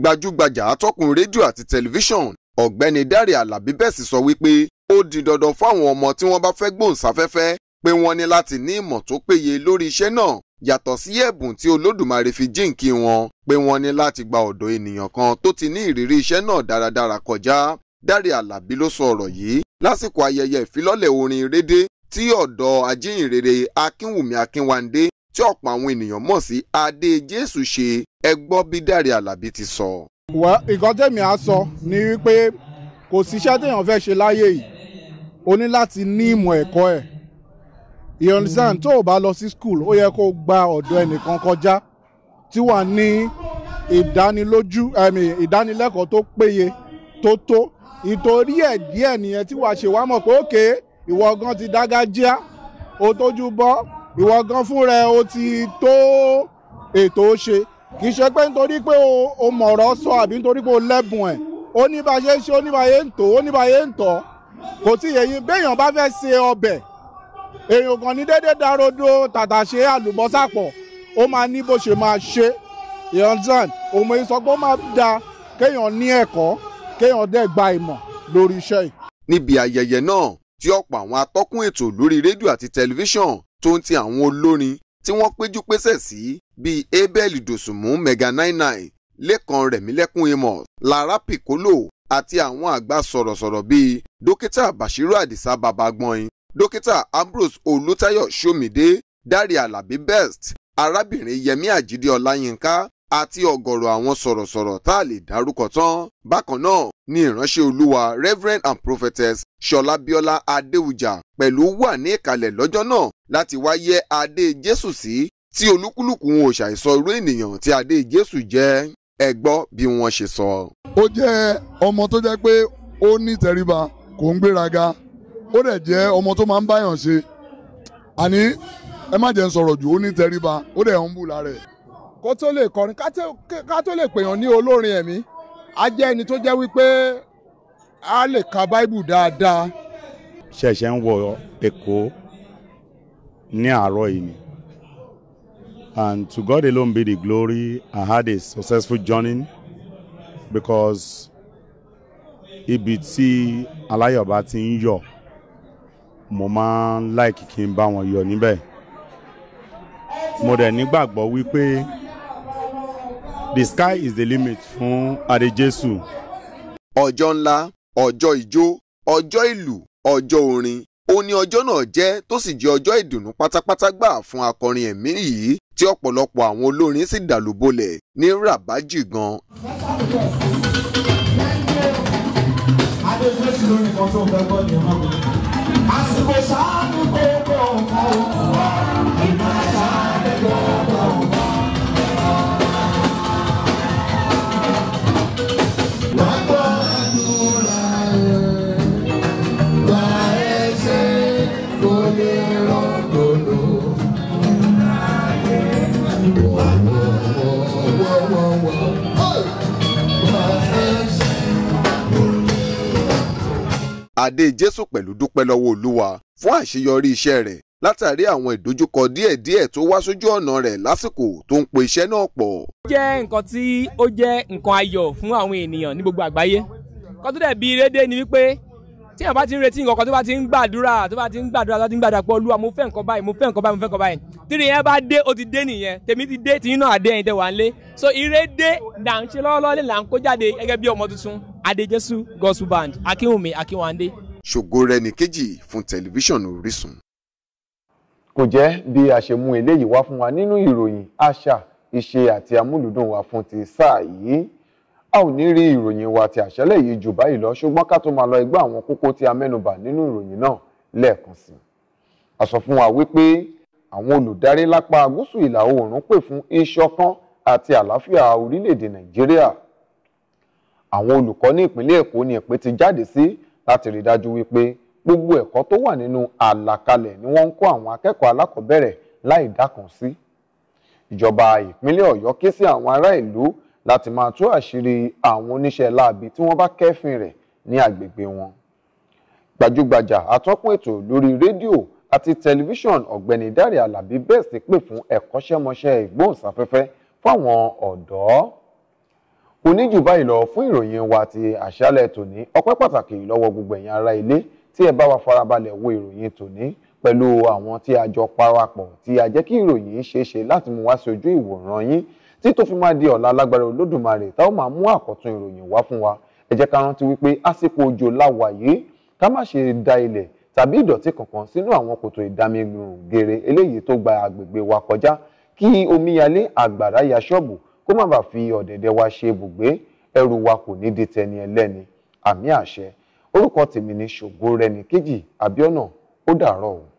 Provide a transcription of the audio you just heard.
gbajúgbajà atọ́kùn rédíò àti tẹlifíṣọ̀n ọ̀gbẹ́ni dáre alábí bẹ́ẹ̀ sì sọ wípé ó di dandan fáwọn ọmọ tí wọ́n bá fẹ́ gbóhùnsáfẹ́fẹ́ pé wọ́n ní láti ní ìmọ̀ tó péye lórí iṣẹ́ náà yàtọ̀ sí ẹ̀bùn tí olódùmarè fi jíǹkí wọn pé wọ́n ní láti gba ọ̀dọ̀ ènìyàn kan tó ti ní ìrírí iṣẹ́ náà dáradára kọjá dáre alábí ló sọ ọ̀rọ̀ yìí lásìkò ayẹyẹ ìfilọ́lẹ̀ orin rédé tí ọ̀dọ́ ajíhìnrere akínwùmí akínwándé tí ọ̀pọ̀ àwọn ènìyàn mọ̀ sí adé jésù ṣe ẹ gbọ́ bí Dáre Àlàbí ti sọ. wà ìkan tẹ̀mí á sọ ni wípé kò síṣẹ́ téèyàn fẹ́ ṣe láyé yìí o ní láti ní ìmọ̀ ẹ̀kọ́ ẹ̀ you tó o bá lọ sí school ó yẹ kó o gba ọ̀dọ̀ ẹnìkan kọjá tí wà ní ìdánilójú ìdánilẹ́kọ̀ọ́ tó péye tó tó ìtorí ẹ̀ díẹ̀ nìyẹn tí wàá ṣe wá mọ̀ pé òkè ìwọ gan ti dágájíá o tójú bọ́ ìwọ gan fún rẹ o ti tó ètò ṣe kì í ṣe pé nítorí pé o mọ̀rọ̀ sọ àbí nítorí pé o lẹ́bùn ẹ̀ ó ní bá ṣe ń ṣe ó ní bá yé ń tò ó ní bá yé ń tọ̀ kò tí yẹyin béèyàn bá fẹ́ ṣe ọbẹ̀ èèyàn kan ní dédé dárodo tàtàṣé àlùbọ́sà pọ̀ ó máa ní bó ṣe máa ṣe ìyọ̀nsán òun èyí sọ pé ó máa da kéèyàn ní ẹ̀kọ́ kéèyàn dẹ̀ gba ìmọ̀ lórí iṣẹ́ yìí. níbi ayẹyẹ náà tí ọ̀pọ̀ àwọn atọ́kùn ètò lórí rédíò àti tẹlifíṣàn tó ń ti àwọn olórin tí wọ́n péjú pésẹ̀ sí bíi abel dòsùnmú mega nine nine lẹ́kan rẹ̀mílẹ́kún amos lara piccolo àti àwọn àgbà sọ̀rọ̀sọ̀rọ̀ bíi dókítà bashiru adisa babagbọ́n dókítà ambrose olùtayọ ṣomide dárí alábí best arábìnrin yẹmí àjídé ọláyínká àti ọ̀gọ̀rọ̀ àwọn sọ̀rọ̀sọ̀rọ̀ tá a lè dárúkọ tán. bákan náà ni ìránṣẹ́ olúwa reverend and prophetess ṣọlábíọ́lá adéwùjà pẹ̀lú wà ní ìkàlẹ̀ lọ́jọ́ náà láti wá yẹ́ adé jésù sí tí olúkúlùkù wọn ò ṣàìsọ irú ènìyàn tí adé jésù jẹ́ ẹ gbọ́ bí wọ́n ṣe sọ. ó jẹ́ ọmọ tó jẹ́ pé ó ní tẹríba kò ń gbéraga ó dẹ̀ jẹ́ ọmọ tó máa ń báyàn ṣe àní ẹ má jẹ́ ń sọ̀rọ̀ jù ó ní tẹríba ó dẹ̀ ń bù lára ẹ̀ kó tó lè kọrin ká tó lè pèèyàn ní olórin ẹ̀mí a jẹ́ ẹni tó jẹ́ wípé a lè ka báíbù dáadáa. ṣẹ̀ṣẹ̀ ń wọ Èkó ní àárọ̀ yìí ni and to God alone be the glory I had a successful journey because ibi tí aláyọ̀bá ti ń yọ̀ mo máa ń láìkì kí n bá wọn yọ̀ níbẹ̀ mo dẹ̀ nígbàgbọ́ wípé the sky is the limit fún Adejesu. ọjọ́ ńlá ọjọ́ ijó ọjọ́ ìlú ọjọ́ orin ó ní ọjọ́ náà jẹ́ tó sì jẹ́ ọjọ́ ìdùnnú pátápátá gbà fún akọrin ẹ̀mí yìí tí ọ̀pọ̀lọpọ̀ àwọn olórin sì dàlúbolẹ̀ ní ràbájì gan. Adébẹ́sì lórí ń bẹ́ gbọ́ ni ọ̀gá òkú. adé jésù pẹ̀lú dúpẹ́ lọ́wọ́ olúwa fún àṣeyọrí iṣẹ́ rẹ̀ látàrí àwọn ìdojúkọ díẹ̀díẹ̀ tó wá sójú ọ̀nà rẹ̀ lásìkò tó ń po iṣẹ́ náà pọ̀. ó jẹ́ nǹkan tí ó jẹ́ nǹkan ayọ̀ fún àwọn ènìyàn ní gbogbo àgbáyé kó tó dẹ̀ bí rédé ni wípé tí àwọn bá ti ń retí nǹkan kan tó bá ti ń gbàdúrà tó bá ti ń gbàdúrà tó bá ti ń gbàdúrà pé olúwa mo fẹ́ nǹkan báyìí mo fẹ́ nǹkan báyìí mo fẹ́ nǹkan báyìí tíri yẹn bá dé ó ti dé nìyẹn tèmi ti dé tìyín náà dé ẹ̀yin tẹ́ wà ń lé so ire dé là ń ṣe lọ́wọ́lọ́wọ́ lè là ń kó jáde gẹ́gẹ́ bí ọmọ tuntun Adejesu Gospel Band Akínwùmí Akínwándé. ṣògo rẹ ní kejì fún tẹlifíṣàn Orísun. kò jẹ́ bí a ṣe mú eléyìí wá fún wa nínú ìròyìn àṣà ìṣe àti amúlùdùn wa fún ti sáà yìí a ò ní rí ìròyìn wa ti àṣálẹ́ yìí jù báyìí lọ ṣùgbọ́n ká tó máa lọ ẹgbẹ́ àwọn kókó tí a mẹ́nubà nínú ìròyìn náà lẹ́ẹ̀kan sí i a sọ fún wa wípé àwọn olùdarí lápá gúúsù ìlà oòrùn pè fún ìṣọ̀kan àti àlàáfíà orílẹ̀ Nàìjíríà àwọn olùkọ́ ní ìpínlẹ̀ èkó ni èpè ti jáde sí láti rí dájú wípé gbogbo ẹ̀kọ́ tó wà nínú àlàkalẹ̀ ni wọ́n ń kó àwọn akẹ́kọ̀ọ́ alákọ̀ọ́bẹ̀rẹ̀ láì dákan sí ìjọba ìpínlẹ̀ ọ̀yọ́ ké sí àwọn ará ìlú láti máa tú àṣírí àwọn oníṣẹ́ láabi tí wọ́n bá kẹ́fìn rẹ̀ ní agbègbè wọn gbajúgbajà atọ́kùn ètò lórí rédíò àti tẹlifíṣàn ọ̀gbẹ́ni Dáre Alábí bẹ́ẹ̀ sì pè fún ẹ̀kọ́ṣẹ́mọṣẹ́ ìgbóhùnsáfẹ́fẹ́ fáwọn ọ̀dọ́ kò ní jù báyìí lọ fún ìròyìn wa ti àṣálẹ́ tòní ọpẹ́ pàtàkì lọ́wọ́ gbogbo ẹ̀yin ará ilé tí ẹ bá wa farabalẹ̀ wo ìròyìn tòní pẹ̀lú àwọn tí a jọ parapọ̀ tí a jẹ́ kí ìròyìn ṣeéṣe láti mú wá sí ojú ìwòran yín tí tó fi máa di ọ̀la lágbára olódùmarè tá ó máa mú àkọ́tún ìròyìn wá fún wa ẹ jẹ́ ká rántí wípé àsìkò òjò láwa yìí ká má ṣe da ilẹ̀ tàbí ìdọ̀tí kankan sínú àwọn kòtò ìdámigun gèrè eléyìí tó gba agbègbè wa kọjá kí omíyalé àgbàrá ya ṣọ́ọ̀bù kó má bàa fi ọ̀dẹ̀dẹ̀ wa ṣe ibùgbé ẹrù wa kò ní di tẹni ẹlẹ́ni àmì àṣẹ orúkọ tèmi ní ṣògo rẹni kejì àbíọ́nà ó dàárọ̀ o.